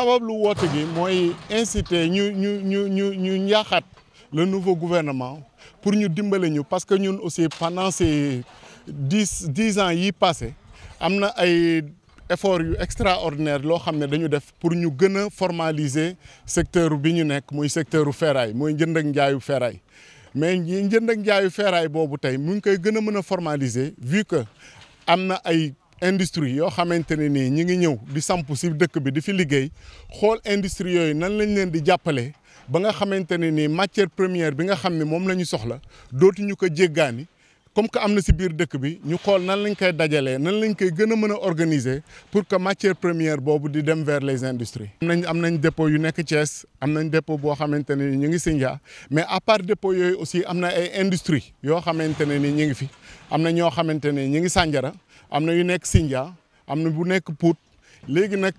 sabab lu woote gi inciter ñu ñu ñu ñu ñu ñaaxaat le nouveau gouvernement pour ñu dimbale ñu parce que ñun aussi pendant ces 10, 10 ans yi passé am ay effort yu extraordinaire loo xam dañu def pour ñu gëna formaliser secteur bi ñu nek moy secteur ferraille moy njënd ak njaayu ferraille mais njënd ak njaayu ferraille bobu tay mu ngi koy gëna mëna formaliser vu que amna ay industrie yoo xamante ne nii ñu ngi ñëw di samp si dëkk bi di fi liggéey xool industrie yooyu nan lañ leen di jàppale ba nga xamante ne nii matière première bi nga xam ne moom la ñu soxla dootuñu ko jéggaani comme que am nous avons bi ñu Nous nan lañ koy que nan organiser pour que matière première boobu di dem vers les industries. am nañ dépôt yu nekk Thiès dépôt ne mais à part dépôt nous aussi am industrie, ay industries yoo xamante de qui, ngi fi am ngi yu nekk Sindia bu nekk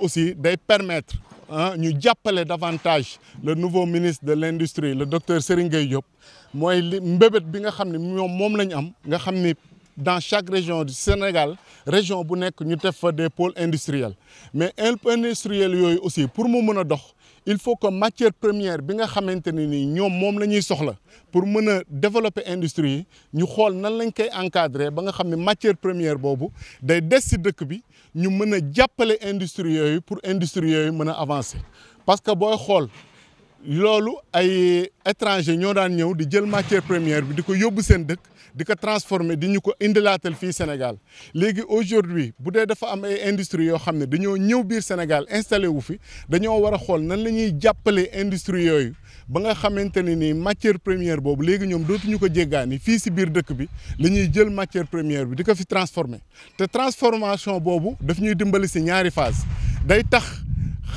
aussi day permettre. Nous hein, appelons davantage le nouveau ministre de l'industrie le docteur Serigne Diop mooy que bi nga dans chaque région du Sénégal région où nous avons des pôles industriels mais industriels industriel aussi pour nous, mën il faut que matière première bi nga xamante ni ñoom moom la soxla pour mëna développer industrie ñu xol nan lañ koy encadrer ba nga xamni matière première bobu day dess ci dëkk bi ñu mëna jappalé industrie yoyu pour industrie yoyu mëna avancer parce que boy xol loolu ay étranger ñoo daan ñëw di jël matière première bi di ko yóbbu seen dëkk di ko transformer di ñu ko indilaatal fii Sénégal léegi aujourd'hui bu dee dafa am ay industrie yoo xam ne dañoo ñëw biir Sénégal installé wu fi dañoo war xool nan la ñuy jàppale industrie yooyu ba nga xamante ne nii matière première boobu léegi ñoom dootuñu ko jéggaani fii si biir dëkk bi la ñuy jël matière première bi di ko fi transformer te transformation boobu daf ñuy dimbali si ñaari phase day tax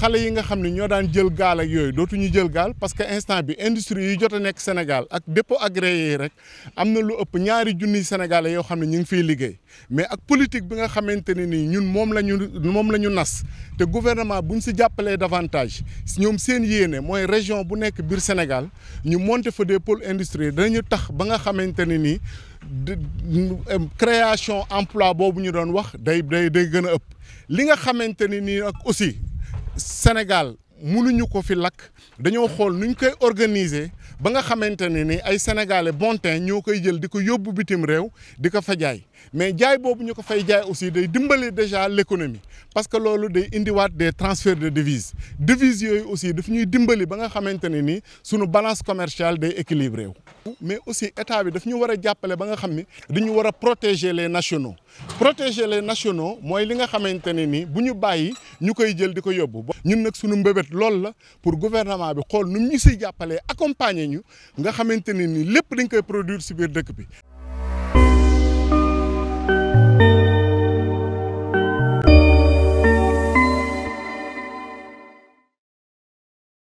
xalé yi nga xamni ne ñoo daan jël gal ak yoy dootu ñu jël gal parce que instant bi industrie yu jot nek Sénégal ak dépôt agréé rek amna lu ëpp ñaari junniy sénégalais yo xamni ñu ngi fiy liggéey mais ak politique bi nga xamante ni ñun mom lañu mom lañu nas té gouvernement buñ ci jappalé davantage ñoom seen yéene moy région bu nek bir Sénégal ñu monter fa des pôles industriels dañu tax ba nga xamante ni nii euh, création emploi bobu ñu doon wax day day day gën ëpp li nga xamante ni ak aussi Sénégal mënuñu ko fi lak dañu xol nuñ koy organiser ba nga xamante ni ay sénégalais bon teint ñoo jël diko yobbu bitim rew diko ko mais jaay bobu ñuko fay jaay aussi day dimbali déjà l'économie parce que lolu day indiwaat des transferts de devises devises yooyu aussi daf ñuy dimbali ba nga xamante ni suñu balance commerciale day équilibré mais aussi état bi daf ñu war a jàppale ba nga xam ni dañu war a protéger les nationau protégé les nationau mooy li nga xamante ne ni bu ñu bàyyi ñu koy jël di ko yóbbu. ñun nag suñu mbébét lool la pour gouvernement bi xool nu ñu si jàppalee accompagner ñu nga xamante ne ni lépp dañ koy produit si biir dëkk bi.